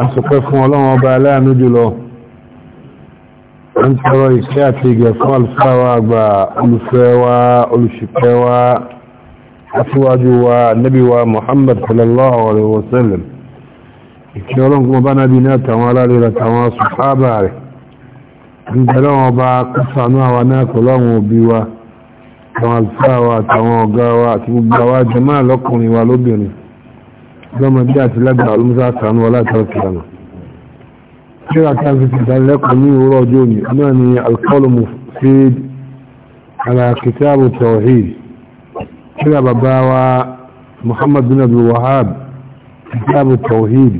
asọ̀pẹ́ fún ọlọ́run ọba aláàánú jùlọ ń tọrọ ìṣẹ́ àti ìgẹ̀ fún alùfáwà àgbà olùfẹ́ wa olùṣìpẹ̀ wa aṣíwájú wa nábì wa Muhammad sallallahu alaihi wasallam ìkẹ́ ọlọ́run kúmọ bá nábi ní àtàwọn alárẹ́rẹ́ àtàwọn sùfáàbà rẹ̀ ń tẹ́lọ́ wọn bá zama bí àti lágbàá olùmúsá sànú aláàtàrà kìlánà tí a kan fi ìdánilẹ́kọ̀ọ́ ní òwúrọ̀ ọjọ́ òní náà ni alkọ́lù mufid alakitabu tawhid tí a bàbá wa muhammad bin abdul wahab kitabu tawhid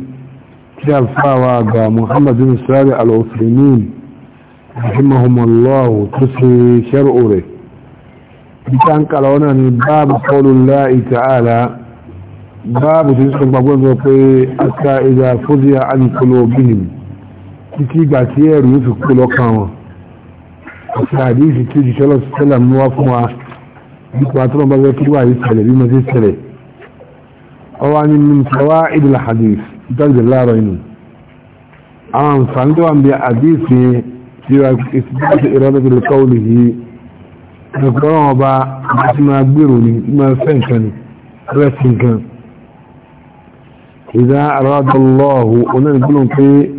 tí a fà wa ga muhammad bin sari al-uslimin rahimahumallahu tó ṣe ṣẹ́rù rẹ̀ bí ta ni babu qawlu llahi ta'ala báàbù tí sọ gbogbo ẹgbẹ́ pé aka ìgbà fúdí àníkọlọ obìnrin títí ìgbà tí ẹ̀rù yóò fi kú lọ́kàn wọn àti àdíṣì tí jù sọ́lọ́ sẹ́là mú wá fún wa nípa tó lọ́gbà fẹ́ kí wà ní ṣẹlẹ̀ bí mo ti ṣẹlẹ̀ ọwá ní mímú sọwá ìdìl hadith dájú láàrọ̀ inú àwọn àǹfààní tó wà ń bí àdíṣì tí wà ìsìnkú ìrọ́lẹ́ tó lè kọ́ òlì yìí ẹ̀kọ́ ọ̀rọ̀ إذا أراد الله أنا نقولهم في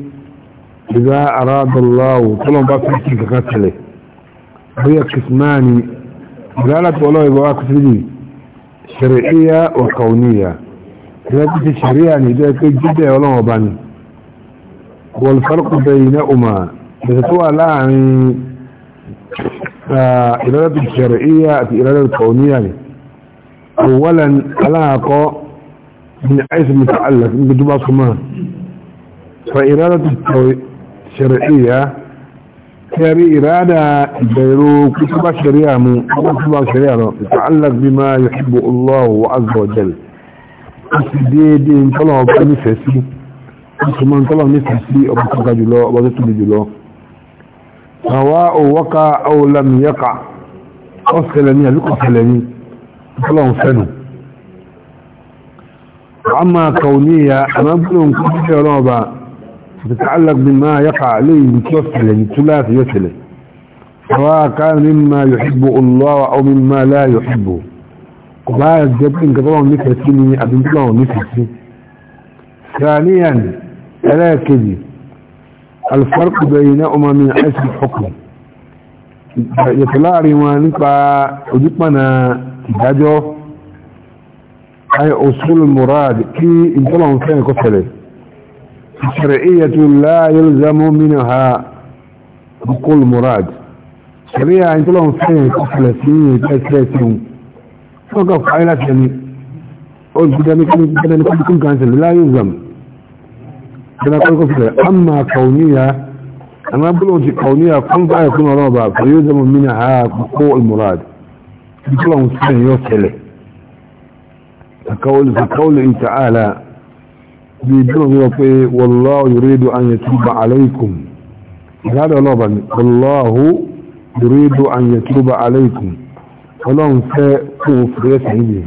إذا أراد الله طلعوا بقى في حسنك قتله هي قسماني قالت والله يبقى قتلي شرعية وكونية إذا كنت شرعية يعني إذا كنت جدا ولا مباني والفرق بينهما إذا تقول لا إرادة الشرعية في إرادة الكونية أولا ألاقى من حيث المتعلق من دبا صمان فإرادة الشرعية كاري إرادة بيرو كتب شريعة من كتب شريعة تتعلق بما يحب الله عز وجل أسديد إن طلعوا بني فاسي أسمان طلعوا نفسي أبطلق جلو أبطلق جلو سواء وقع أو لم يقع أسلني لقى سلني طلعوا سنه أما كونية أما بلهم كل رابع تتعلق بما يقع عليه يتوصل يعني ثلاث يسله سواء كان مما يحبه الله أو مما لا يحبه وبعد جبين كطبعا نفسيني أبن الله نفسي ثانيا ألا كذي الفرق بينهما من حيث الحكم يطلع ريوانك وجدنا تجاجه أي أصول المراد كي انتبه كان كفله شرعية لا يلزم منها بقول مراد شرعية انتبه كان كفله سنين كثلاثين فقف عائلات يعني قلت قدامي كان كل كانسل لا يلزم كان كل كفله أما كونية أنا أقول أنت كونية قلت أيكون رابع فيلزم منها بقول المراد انتبه كان يوصله قول قوله تعالى بيقول والله يريد أن يتوب عليكم هذا لبن والله يريد أن يتوب عليكم ولهم فاقوا فريسهم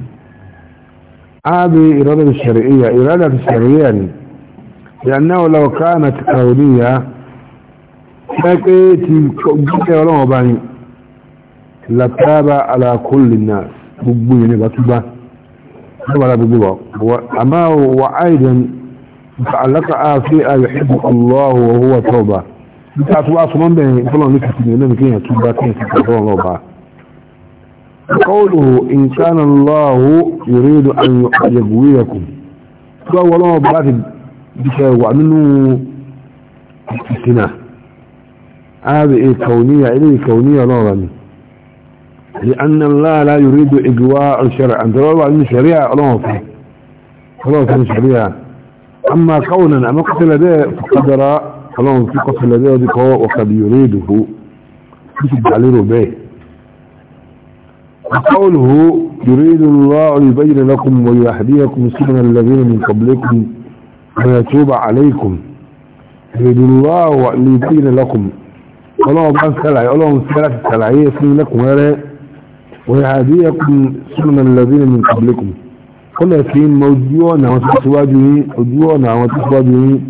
هذه إرادة الشرعية إرادة الشرعية يعني. لأنه لو كانت قولية فاكيتي جدا ولهم بني لتاب على كل الناس بقبيني بطبان ولا بجوا أما وأيضا تعلق فيها يحب الله وهو توبة بتعتوا أصلا به فلان لك سنين كيها توبة كيها تتعطوا الله قوله إن كان الله يريد أن يقويكم فهو الله بات بك وعنه استثناء هذه كونية إليه كونية نورا لأن الله لا يريد إجواء شرعا دلوقتي أن الشريعة الله فيه الله فيه الشريعة أما كونا أما قتل ده فقدر الله في قتل ذي ذكوة وقد يريده يجب عليه به وقوله يريد الله يبين لكم ويحديكم سنن الذين من قبلكم ويتوب عليكم يريد الله يبين لكم الله بأن سلعي الله سلعي سلعي سلعي سلعي ولا ويهديكم سنن الذين من قبلكم كنا فين موجونا وتسواجوني وجونا وتسواجوني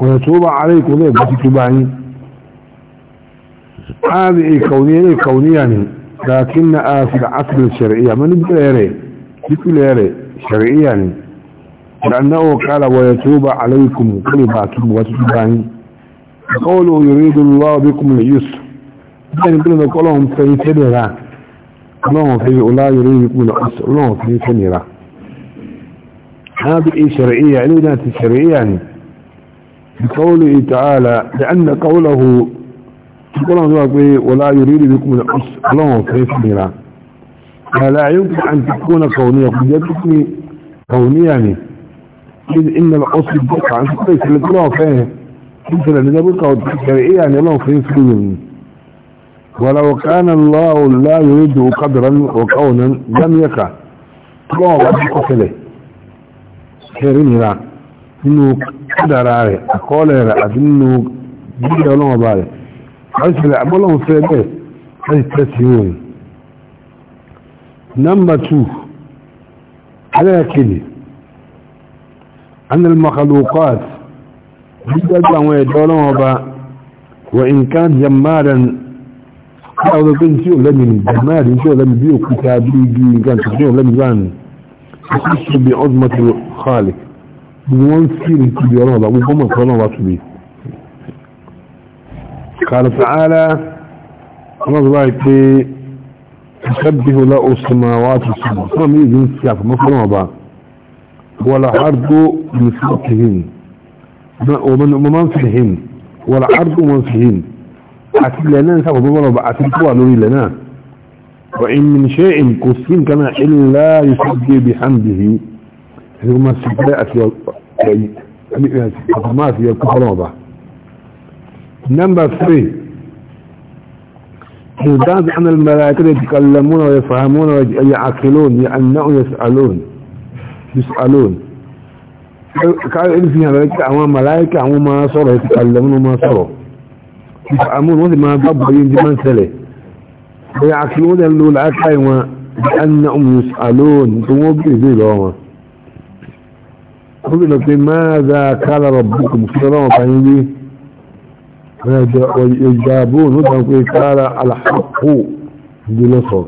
ويتوب عليكم ليه بتتوبعني هذه كونية ليه كونية لكن في العصر الشرعية من بكل يري بكل يري شرعية يعني لأنه قال ويتوب عليكم كلباتكم وتتوبعني قولوا يريد الله بكم اليسر يعني كلنا قولهم فيتبرا اللهم في يريد يريدون عسر اللهم في سنيرة هذه إيه شرعية يعني ذات شرعية يعني بقوله تعالى لأن قوله يقول قوله ولا يريد بكم العسر اللهم في سنيرة فلا يمكن أن تكون كونية قد كونية يعني إذ إن العسر بقى عن ليس لك الله فاهم مثل أن نبقى شرعية يعني اللهم في سنيرة ولو كان الله لا يريد قدرا وكونا لم يكن طلعوا وقفوا فيه كيرين هنا إنه قدر عليه أقول هنا أدنه جيد ولما بالي عيش لأبو لهم في البيت عيش تسيوني نمبر 2 على كده أن المخلوقات جدا ويدولهم وإن كان جمالا ní àwọn ọdún tí ò lẹ́mìí nìgbà náà rí tí ò lẹ́mìí bí òkúta bí igi nǹkan tó ní ò lẹ́mìí bá nì ó sì bí ọdún mọ́tò xaalẹ̀ gbogbo wọn sì rí ti bí ọlọ́run ọba gbogbo mọ̀ fún ọlọ́run wa tó bí. kàlù tààlà ọmọ bàbá yìí pé ìṣẹ́bíhù lá oṣù máa wá tó sùn fún àmì ìdí ń fi àfọmọ́ fún ọlọ́run wọlá àrùbó nìfọ̀kìhìn hìn wọlá àrùbó wọn fi hìn عاتب لنا نسخ ضمن وبعاتب طوالوري لنا وإن من شيء قصين كما إلا يسجي بحمده هذه ما سجلات الأطماس هي الكفر وضع نمبر ثري حزدان عن الملائكة يتكلمون ويفهمون ويعقلون يأنعوا يسألون يسألون كان يقول فيها ملائكة أمام ملائكة أمام ما صره يتكلمون وما صره يفهمون وذي ما ضبوا ينجمان سلي ويعقلون اللو العقاي بأنهم يسألون ومبئي ذي لهم قل لك ماذا قال ربكم في رمى فهمي ويجابون وذلك قال الحق بلصر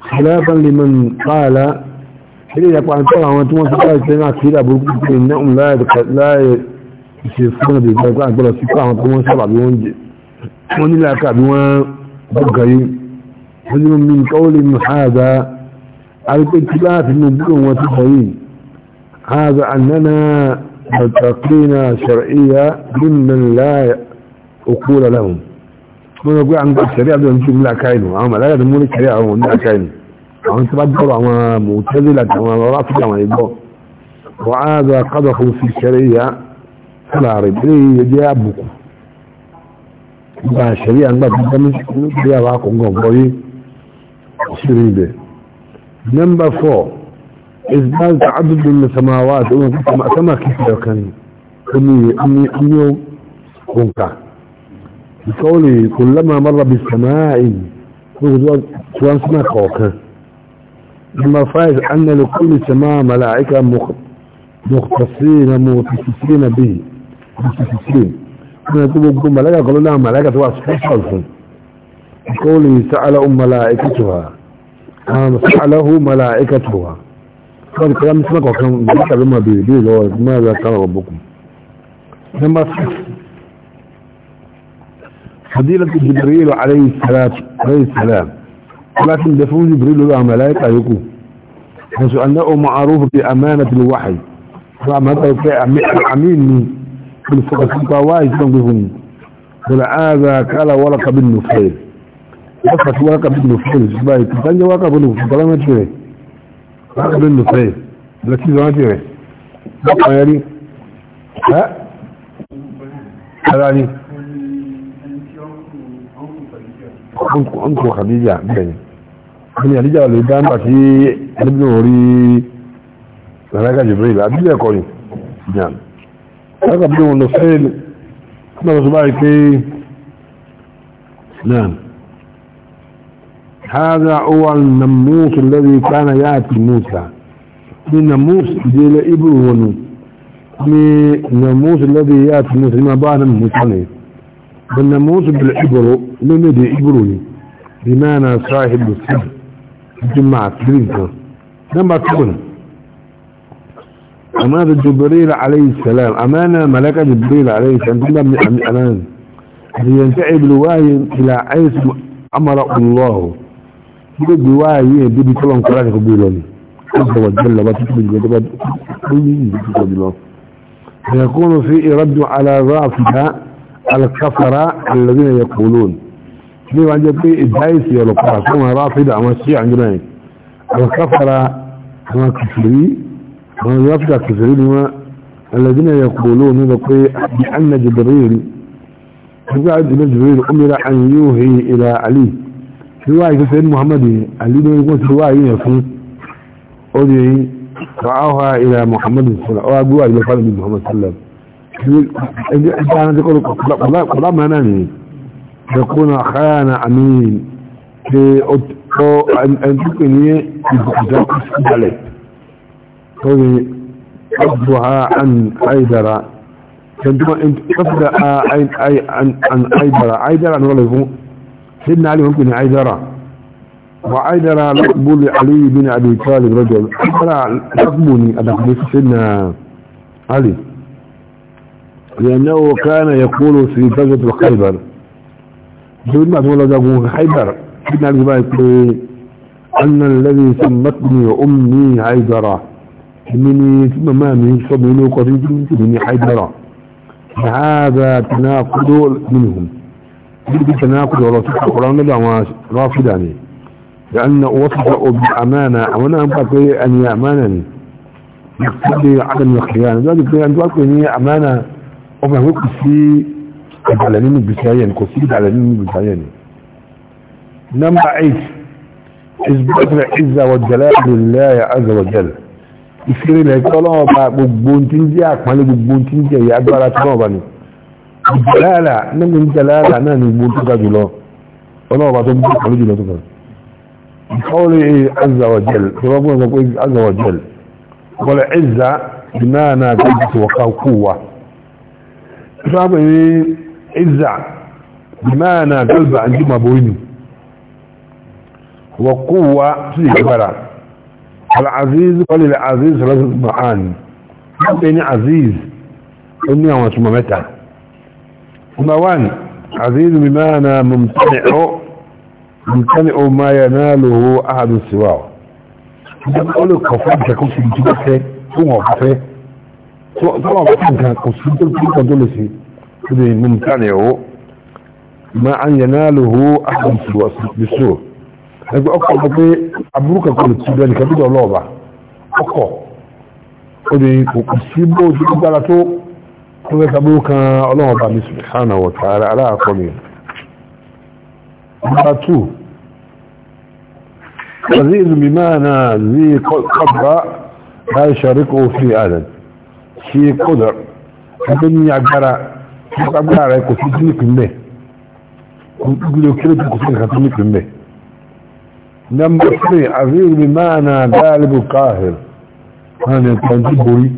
خلافا لمن قال حين يقول أن طلع وانتم وانتم سينا كيلا بركم إنهم لا يسيفون بذلك وانتم سينا كيلا بركم wọ́n nílẹ̀ aka bí wọ́n gbọ́gà yìí wọ́n ní omi kọ́ọ̀lì nù haza arúgbó tí láti nù búrò wọn ti sọ yìí haza annana bàtàkìnà shar'iyya mimman la uqula lahum wọ́n gbé àwọn sẹ̀rí àbí ọ̀nà tí mú láka inú àwọn màláyà tó mú ní sẹ̀rí àwọn ní láka inú àwọn tí bá dọ̀rọ̀ àwọn mọ̀tẹ́lẹ̀ láti àwọn ọ̀rọ̀ àfíkà àwọn ìgbọ́ wọ́n á zọ akádọ̀ fún fi sẹ̀rí yá fúlàrí bí yẹ jẹ́ àbùkù nípa àṣẹrí àgbà tó bá mẹ́sìkò bí àwọn akọ̀ǹgọ̀ bọ́yé sírí ibẹ̀. nọ́mbà 4 isbal ta abubu na samawa da wọn kuma a sama kifiyar kan kuni anyo kunka bikawali kullama marra bi sama'i tuwan suna kawakan nọ́mbà 5 an na lukulli sama mala'ika muktasina mutasisin bi mutasisin أنا تبقى قالوا لها ملائكتها سأله ملائكتها قال كلام سمك وكان ماذا كان ربكم لما فضيلة جبريل عليه السلام عليه السلام ولكن دفعوا جبريل له ملائكة يقول حيث أنه معروف بأمانة الوحي فما تبقى أمين بالفقط وايد تنقذني قال هذا قال ورقة بن نفيل وقت ورقة بن نفيل شباي تنجي ورقة بن نفيل كلام تيري ورقة بن نفيل التي زمان تيري بقى يلي ها هلاني أنكو أنكو خديجة بني بني خديجة والإدام بكي أنا بنوري ملائكة جبريل أبي لي أقولي نعم هذا بلون لفعيل احنا بصبعك ايه نعم هذا هو النموس الذي كان يأتي موسى من نموس ديال إبل من نموس الذي يأتي موسى ما بعد موسى بالنموس بالإبل من دي إبلوني بمعنى صاحب السبب جماعة كريمة نمبر 2 أمانة جبريل عليه السلام أمانة ملكة جبريل عليه السلام من الأمان لينتهي بالوحي إلى حيث أمر الله يقول بوحي بيبي كلهم كلاك قبيلوني عز وجل بتقبل في رد على ضعفها الكفرة الذين يقولون ليه عندي بي إدهايس يا لقاء كما رافضة أما الشيء عندنا الكفرة كما كفري àwọn yọ́fíkà kìfèrí ni wọ́n alẹ́dínà yẹ kò lóò ní lọ pé bí an na jibiriri nígbà àdínà jibiriri omira an yóò hì ilà alì síwá yìí fẹ́ muhammadu alì ní wọ́n ti wá yìí fún ọdún yìí ra'áwá ilà muhammadu sọ̀rọ̀ ọwá gbé wà yìí lọ́fà níbi muhammadu sallam ẹni ẹja ti kọ́ kọ́lá mọ́ náà ni yẹkùn àkáyàna àmì ṣe ọ̀tọ̀ ẹni tó pè ní ìbùkún كوي قبضها عن عيدرة كنتما انت قبض عن عيدرة عيدرة نغلقه سيدنا علي ممكن عيدرة وعيدرة لقبول علي بن أبي طالب رجل أدخل سيدنا علي لأنه كان يقول في غزوة خيبر دول تقول خيبر سيدنا علي أن الذي سمتني امي عيدرة èmi ni tí màmá mi ń sọ́bù ilé ọkọ̀ tí ń tì mí ní haidara لان وصف بالأمانة أمانة أنبقى أن هي أمانة يقتضي عدم الخيانة ذلك أن تقول أن هي أمانة وما هو كسي على نين بسيان كسي على نين بسيان نمبر إذ إثبات العزة والجلال لله عز وجل ìṣeré ilẹ̀ tí ọlọ́run ọba gbogbo tí ń jẹ́ àpọ́nlé gbogbo tí ń jẹ́ ìyágbára tí wọ́n bá ní ìjàlára nínú ìjàlára náà ni gbogbo tó ga jùlọ ọlọ́run ọba tó gbogbo àpọ́nlé jùlọ tó ga ìfọ́lẹ̀ azawajel tó bá gbọ́n pé azawajel wọlé ẹ̀zà náà náà tó ti ti wọ́ká kú wa sábà ní ẹ̀zà náà náà tó bá ń jí màbóyìn wọ́kú wa sí ìgbára العزيز قال العزيز ثلاثة معاني يعني عزيز إني أمت ممتع ثم وان عزيز بمعنى ممتنع ممتنع ما يناله أحد سواه عندما أقول لك كفاك تكون في مجلسة ثم وقفه طبعا كان قصيد كنت تقول شيء ممتنع ما أن يناله أحد سواه بالسوء ẹgbẹ́ ọkọ̀ ọmọ pé aburúkà kò lè ti bẹ́ẹ̀ nìkan bídọ̀ ọlọ́ọ̀bà ọkọ̀ ó lè kò sí bó ti gbára tó tó fẹ́ sábúrú kan ọlọ́ọ̀bà ní subhanahu wa ta'ala aláàkọ́ mi. number two aziz mimana zi kọba láì ṣàríkò fi àdàn ṣe kódà ẹgbẹ́ ní agbára agbára rẹ kò sí sí nípìnlẹ̀ kò sí nípìnlẹ̀ number 3 عظيم بمعنى غالب القاهر انا تنجبري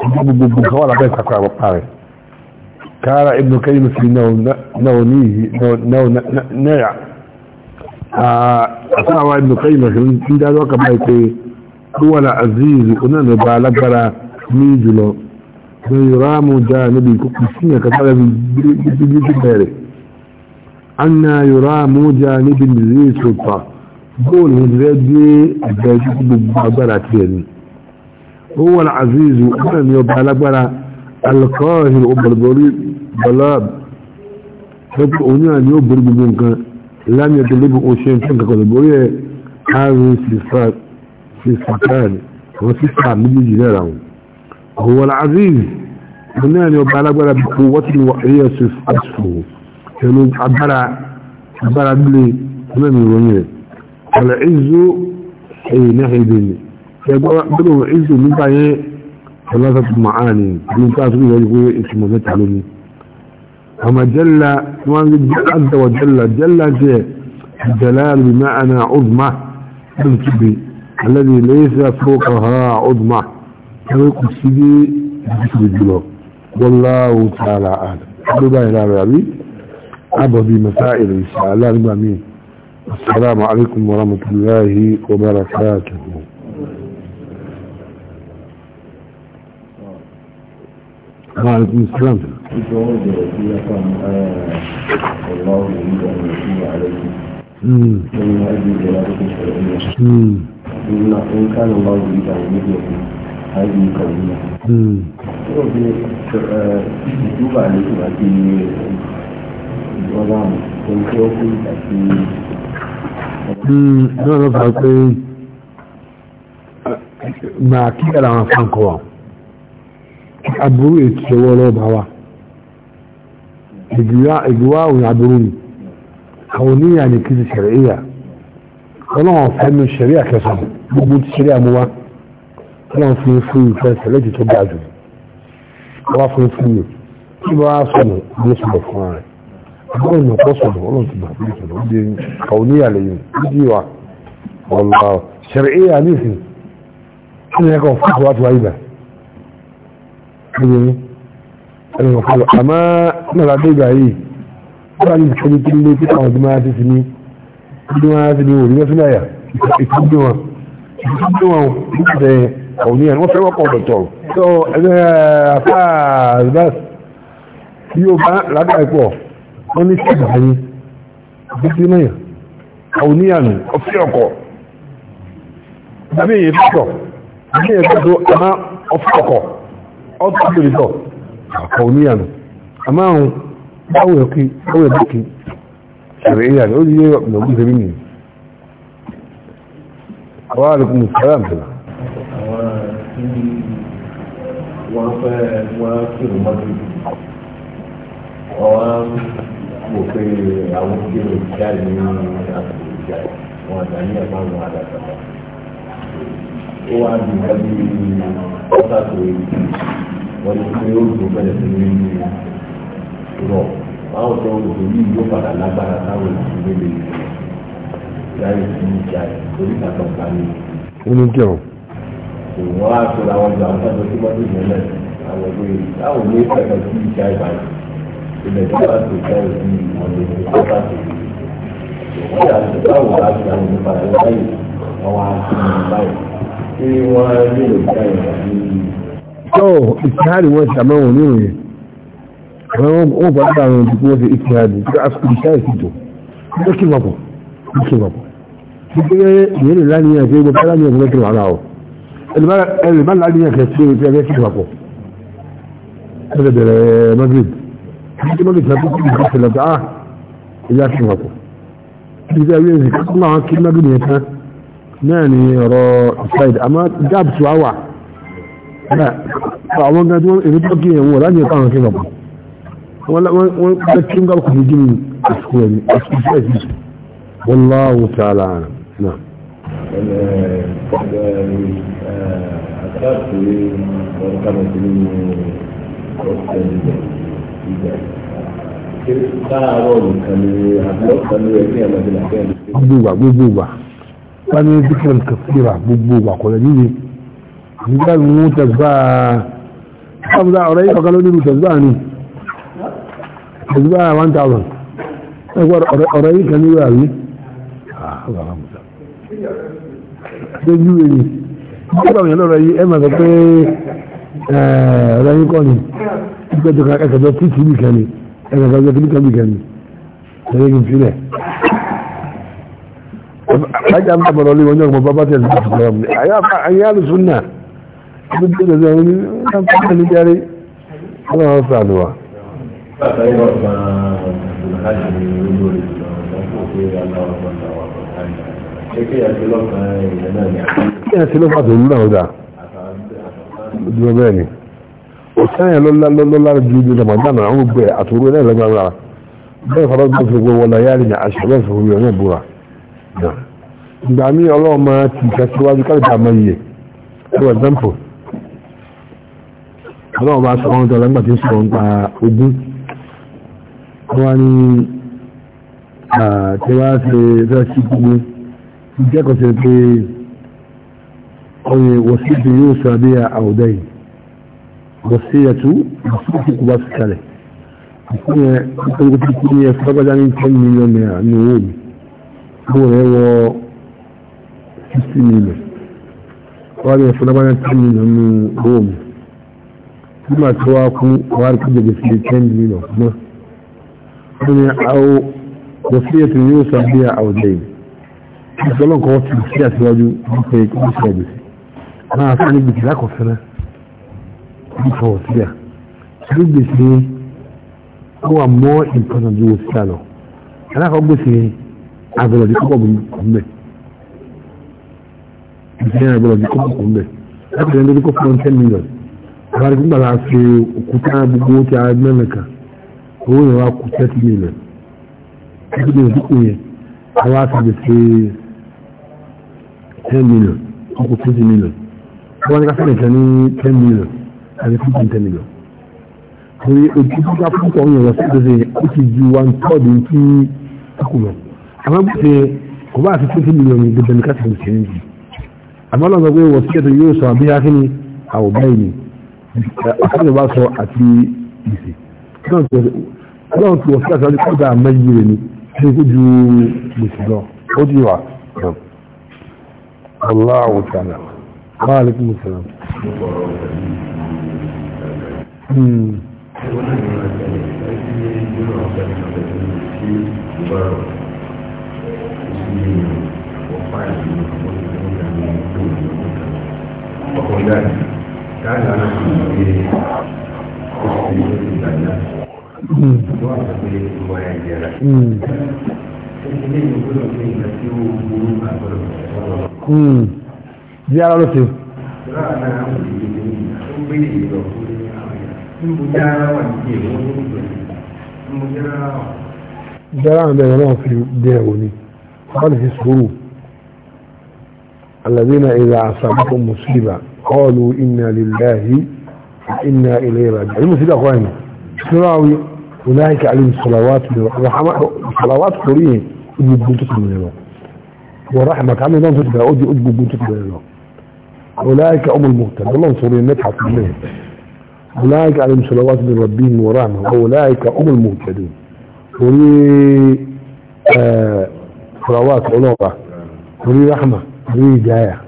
بقول عليك اقرا وقاري قال ابن كيم في نونيه نون نيع أسمع ابن كيم في ده لو كبايتي هو العزيز ونن بالغرا ميجلو ويرام جانبي كسنة كتاب بيجي بيجي أن يرام جانب ذي سلطان bóòlù ní rẹ dé àgbẹ̀jú gbogbo agbára tiẹ̀ ni ó wà láàzízù ọ̀nà ni ọba alágbára alkọ́ọ̀hìn ọbọ̀lọ̀bọ̀rí bọ̀lọ́b lọ́pọ̀ òní àní ó borí gbogbo nǹkan lámì ẹ̀tọ́ lébù oṣù nǹkan kankan lọ́bọ̀rí ẹ̀ àrùn sísàkáàlì àwọn sísà méjèèjì náà ràwọn ọ̀hún العز حينئذ يقولون العز من بعد ثلاثة معاني من تاسوية يقول اسمه متعلمي هما جل عز وجل جل جاء بمعنى عظمة بالكبي الذي ليس فوقها عظمة كما يقول سيدي بالجلو والله تعالى أعلم أبو بقى إلى ربي أبو بمسائل إن شاء الله ربي السلام عليكم ورحمة الله وبركاته وعليكم السلام الله يريد أن يكون عليكم هذه الشرعية إن كان الله يريد أن هذه أتي náà ló fà pé màá kí ẹ̀rọ àwọn afáǹkọ̀ wa aburú ètò ìṣòwò ọlọ́ọ̀bá wa ìgbìwá òun aburú ni àwọn oníyàn ni kí ti ṣẹ̀rẹ̀ ìyà ọlọ́wọ́n fẹ́mi ṣẹ̀rí àkẹsàn gbogbo ti ṣẹ̀rí àmúwá ọlọ́wọ́n fún fún ìfẹ́ sẹ̀lẹ́jì tó ga jù wọ́n fún fún mi kí wọ́n á sọ̀rọ̀ ní sọ̀rọ̀ fún ara rẹ̀ bọ́ọ̀lù ló kọ́ sọ̀rọ̀ ọlọ́run ti gbàgbé sọ̀rọ̀ ó di kàwọ́níyà lẹ́yìn ó di wa ọ̀la ṣẹ̀rẹ̀ ẹ̀yà nísìn kí ni ẹ̀kọ́ fún àwọn àti wáyé bá ẹ̀yìn ẹ̀yìn ọ̀fọ̀lọ̀ àmọ́ nílá dé ìgbà yìí ó bá ní ìkẹ́ni kí lé kí àwọn ọdún máa ti fi ní ọdún máa ti ní òní wọ́n ní sí ìdáyé àbúkí náà àwọn oníyànú ọfí ọkọ̀ àbí èyí fọ́tọ̀ àbí èyí fọ́tọ̀ àmá ọfí ọkọ̀ ọtọ́ tó nìtọ̀ àkọ̀ oníyànú àmá àwọn báwọn ẹ̀kí báwọn ẹ̀bùkí ṣẹ̀rẹ̀ èyà ló ní yẹ́ ọ̀gbìn ṣe mímì àwọn àrùkù mùsùlùmí àbẹ̀là àwọn tí wọ́n fẹ́ wọ́n kí wò pé àwọn tí o já ní àsìkò ìjà wọn àgbà ní ẹ̀fọ́ àwọn àdàkàtà ó wá di ìdájú ọ̀tà tó wọ́n ti pé ó dùn bẹ̀rẹ̀ sí ní rọ̀ báwo tó ń dùn yìí yóò padà lágbára táwọn ìdílé lè jáde sí ìjà torí kàtọ́ ká ní. ó ní jẹun. òun wá sọ̀rọ̀ àwọn ìjà wọn tó ti mọ́tò ìmọ̀lẹ̀ àwọn ìgbé táwọn ní ìpẹ̀kẹ̀ sí ìjà ìbàdàn ibẹ̀ tí wàá tó ká ìlú ní ìmọ̀lẹ́ tó bá tó wọ́n yà sọ báwo wàá fi àwọn nípa rẹ̀ báyìí wọ́n wá sí ní báyìí tí wọ́n lè ká ìwà ní. tó ìtìhárì wọn ti àmọ́ òun níròyìn àwọn wọn bá bá àwọn olùkọ́ wọn ti ìtìhárì tí a fi ìṣá ìsìtò ó kí wọn pọ̀ ó kí wọn pọ̀ títí ìyẹn lè láníyàn pé gbogbo aláníyàn fún ẹkẹrẹ wàhálà o ẹlẹmọ láníyàn kẹsí ẹgbẹ ẹgbẹ sí wọn pọ̀ ẹgbẹ bẹ̀rẹ̀ Madrid kí ló lè fẹ́ kókó ìdí ìṣẹ̀lẹ̀ tó a ìyá fi wà kó ibi tí a wíyẹn zikà kó máa kí náà dúnìyẹn tán náà ni ọ̀rọ̀ ìsáìdì àmọ́ gáàb tó a wà àwọn gan tí wọ́n èrè tó kí wọ̀ láti ẹ̀kọ́ àwọn kí wọ́n wọ́n pẹ́ kí n gáàb kò ní àsìkò ẹ̀mí àsìkò ìṣẹ́ ìṣẹ́ wallahu ta'ala náà. Àkáàtì ọ̀rọ̀ kábàtì nínú ọ̀sẹ̀ ìgbẹ̀rẹ̀ gbogbo wa gbogbo wa wọ́n ní zikiran kafira gbogbo wa kọ̀ọ̀lẹ́ níbi nígbà tí wọ́n tẹ̀síbà sábà ọ̀rẹ́ yìí ọ̀kan ló nílùú tẹ̀síbà ni tẹ̀síbà one thousand ẹgbẹ́ ọ̀rẹ́ yìí kan nílùú àrí lójú èyí nígbà tí wọ́n yẹn lọ́rọ̀ yìí ẹ̀ máa sọ pé ọ̀rẹ́ yìí ni gbẹ́jọ ká ẹ̀kẹ́ bẹ́ẹ̀ títí bí kan ni ẹ̀kẹ́ bẹ́ẹ̀ títí bí kan ni ẹ̀rẹ́ kì í sílẹ̀. ajá ń tàbọ̀rọ̀ lé wọn yọ̀gbọ̀ bábá tẹ̀lé ti sọ̀rọ̀ mi àyà àlùsùn náà ẹ̀kẹ́ bẹ́ẹ̀ tẹ̀lé wọn ni wọ́n ń tẹ̀lé járe ọlọ́run sọ àlùwà. kí ẹ̀ sí ló fà tó ń náà ó dà. dúró bẹ́ẹ̀ ni òsèyàn lọ́lá ju ní ramadan àwọn gbẹ àtòwúrò náà lọ́gbàgbà bẹ́ẹ̀ fọlọ́ gbọ́ fi gbọ́ wọlé ayáàlì ní aṣọ bẹ́ẹ̀ fọwọ́ yọ náà búra ìgbà mí ọlọ́run máa ti ìka síwájú káàdì àmọ́ iye for example ọlọ́run máa sọ ọ́n dọ́là nígbà tí ó sọ nípa ogún wọ́n ní tí wọ́n á ṣe fẹ́ sí gbogbo ìjẹ́kọ̀ọ́ sí pé ọ̀rẹ́ wọ́n sì wọ́síyàtú ìfúnfún kò bá fi kalẹ̀ ìfúnfún kò tó kú ní ẹ̀fọ́ bá dání ten million naira ní owó mi owó rẹ̀ wọ sixty million wọ́n ní ẹ̀fọ́ bá dání ten million ní owó mi bí màá tó wá kú wọ́n á rí kúndé gbèsè ní ten million mọ́ wọ́n ní àwọ̀ wọ́síyàtú yóò sọ bí àwùjọ yìí ìfọlọ́nkọ́ ti sí àtiwájú wọ́n fẹ́ kí wọ́n sọ gbèsè àwọn àfẹ́ ní gbèsè lákọ̀ọ́fẹ́ náà nípa ọ̀síà ìlú gbèsè ó wà mọ́ important ju òsíà lọ alákọ̀ọ́ gbèsè agbọ̀lọ̀dì kọ́kọ́ kò mẹ́ ìdílé agbọ̀lọ̀dì kọ́kọ́ kò mẹ́ láti ẹni lórí kọ́kọ́ ten million àwọn àti gbàgbà ṣe òkúta gbogbo ti ara mẹ́rin kan owó yẹn wá kú thirty million ẹgbẹ́ ìdílé òdìkù yẹn àwọn àti gbèsè ten million ọkọ̀ twenty million wọ́n ní ká fẹ́rẹ̀ kan ní ten million àti fifteen ten million torí ojú tó bá fún tọ̀hún yẹn lọ sí ìdọ́sẹ̀ ó ti ju one third tí kù lọ àmọ́ bí ṣe kò bá àti twenty million ní gbogbo ẹni káṣí ìṣẹ́ nìyí àmọ́ lọ́nà pé wọ́n ti ṣètò yóò sọ àbí yá kíni àwọ̀ báyìí ni ọ̀sán bá sọ àti gbèsè ọlọ́run ti wọ̀ sí àṣà kọ́dà mẹ́yì rẹ̀ ni ṣe kó ju gbèsè lọ ó di wà ọlọ́run ti àná wàhálà kí mo sọ̀rọ̀. Bí ara ló ṣe. Bí ara náà ń gbé ìlọ fún جرى بين الله في داوني قال في سهروا الذين إذا أصابتهم مصيبة قالوا إنا لله إنا إليه راجعون المصيبة أخواني سراوي هناك عليهم صلوات ورحمة صلوات قرية أجب بنتك من الله ورحمة كامل نظر تبقى أجب بنتك من الله أولئك أم المهتد الله نصورين نتحف منهم أولئك عليهم صلوات من ربهم ورحمة وأولئك هم المهتدون ولي صلوات علوبة ولي رحمة ولي هداية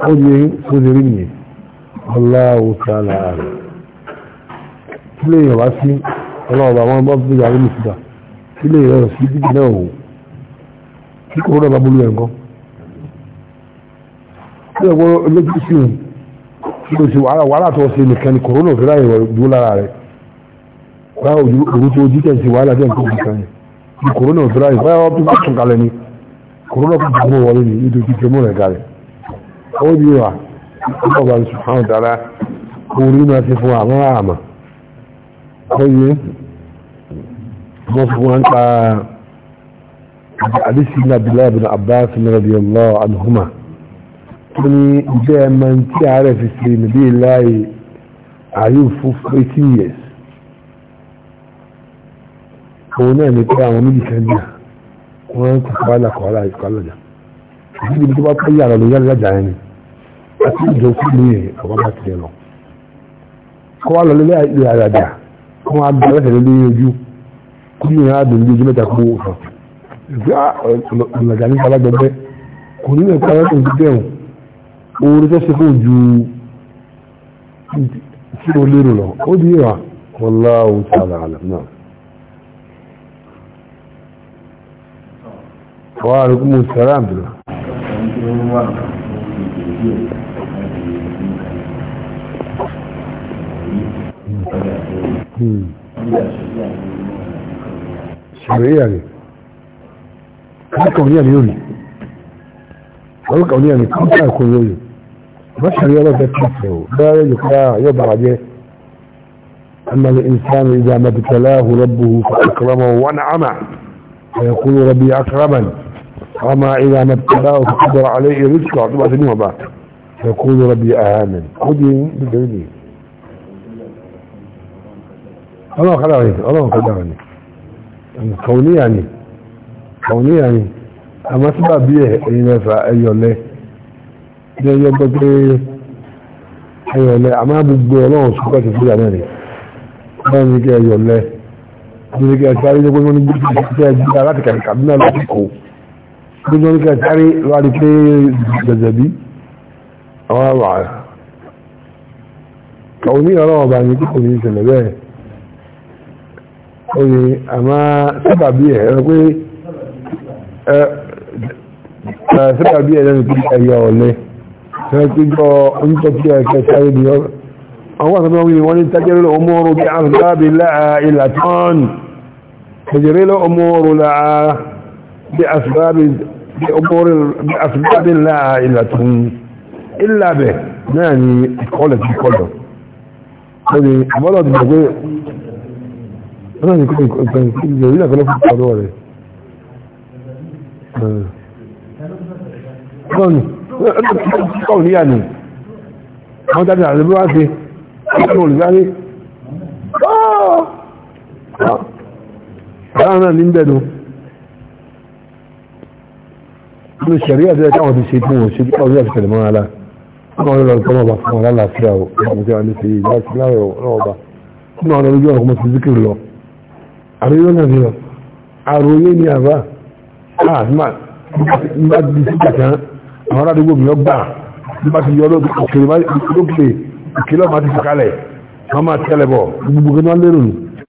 خذني خذ مني الله تعالى أعلم كليه رأسي علوبة ما بضج على المسجد كليه رأسي بجناه كيف هو رب أبو اليانكم يقول لك kò sí wàhálà wàhálà tó ṣe nìkan ni kòrónà òfin láyé dúró lára rẹ̀ báwo òru tó jí tẹ̀sí wàhálà tẹ̀ ń kó nìkan yẹn ni kòrónà òfin láyé báwo tó bá tún kalẹ̀ ni kòrónà kò dùn mọ́ wọlé ni nítorí tó mọ́ rẹ̀ kalẹ̀ ó di wa ọgbà bá sùn fáwọn dára orí máa ti fún àwọn àmà ó yẹ wọ́n fún wọn pa àdìsí nàbìlá ibn Abbas radiyallahu anhuma tó ní ìjẹ́ ẹmọ tí ààrẹ fi ṣe nìbí láàyè ayub fún eighteen years òun náà ní pé àwọn méjì kan jà wọ́n kò kọ́ àlàkọ́ àlàkọ́ àlàjà ìdí ibi tó bá pẹ́ yàrá ló yára lájà yẹn ni àti ìjọ fún mi yẹn ọba bá tiẹ̀ lọ kọ́ wa lọ lé ilé àràdà kọ́ wa gbé alẹ́ tẹ̀lé lórí ojú kó yìí rán àdùn ní ojú mẹ́ta kó wò fún un ìgbà ọ̀làjà nípa alágbẹ̀gbẹ́ kò ní ẹ̀kọ́ alágbẹ̀gbẹ́ òun orí tó ṣe fún ju tí o lérò lọ ó di ìwà wallahu ta'ala a'lam náà wà á rí kúmù sẹ́rà àbúrò ṣàríyà ni káàkàwé ni yóò rí káàkàwé ni káàkàwé yóò rí بشر يرى تكفه لا يجقى يضع به أما الإنسان إذا ما ابتلاه ربه فأكرمه وأنعمه فيقول ربي أكرمن أما إذا ما ابتلاه فقدر عليه رزقه طبعا سنوه بقى فيقول ربي أهانن خذي بدعيني الله خلاني الله خلاني يعني كوني يعني كوني يعني أما سبب بيه نفع أي أيوة الله ní ọjọ́ gbọ́ pé ẹyọ̀lẹ́ àmọ́ gbogbo ọlọ́run sọ́kọ́ ti fúlà náà rẹ̀ báwọn ní kí ẹyọ̀lẹ́ ní kí ẹ̀sáré ní gbogbo ní gbogbo ìṣẹ́ ìjọba láti kàríkà náà láti kò gbogbo ní kí ẹ̀sáré lọ́wọ́ pé gbẹ̀zẹ̀bí àwọn àwà kàwọn ní ọlọ́run ọ̀lẹ́ فكيجو انت فيها كتابي الله نبوي ولن تجري الأمور بأسباب لها إلا تان تجري الأمور لها بأسباب بأمور بأسباب لها إلا تان إلا به يعني قلت بكله قولي بلد بقول أنا يكون كان كل جميلة كلا في القدوة لي kọ́ níyà nù wọ́n tàbí àti bí wá sí ọ̀pọ̀ olùgbárí ọ̀rọ̀ náà ní bẹ̀rù ní ṣẹ̀rí àti ẹ̀kọ́ àwọn ti ṣe fún òṣèlú ọdún àti tẹ̀lé mọ́ra láà wọ́n lọ kọ́ ọba fún ọ̀rọ̀ àlàáfíà ò ọmọdé wa ní ṣe yìí láti láàrẹ̀ ọba fún àwọn ọmọdé wa kọmọ sí zikiri lọ àríyọ́ náà ni àròyé ni àbá àà má bí sí kàkán àwọn aládùúgbò mi ọgbà bí bá ti yọ lókè òkèlè òkèlè ọmọ àti sàkálẹ̀ wọ́n máa tẹ́lẹ̀ bọ̀ gbogbo gbogbo náà lérò nù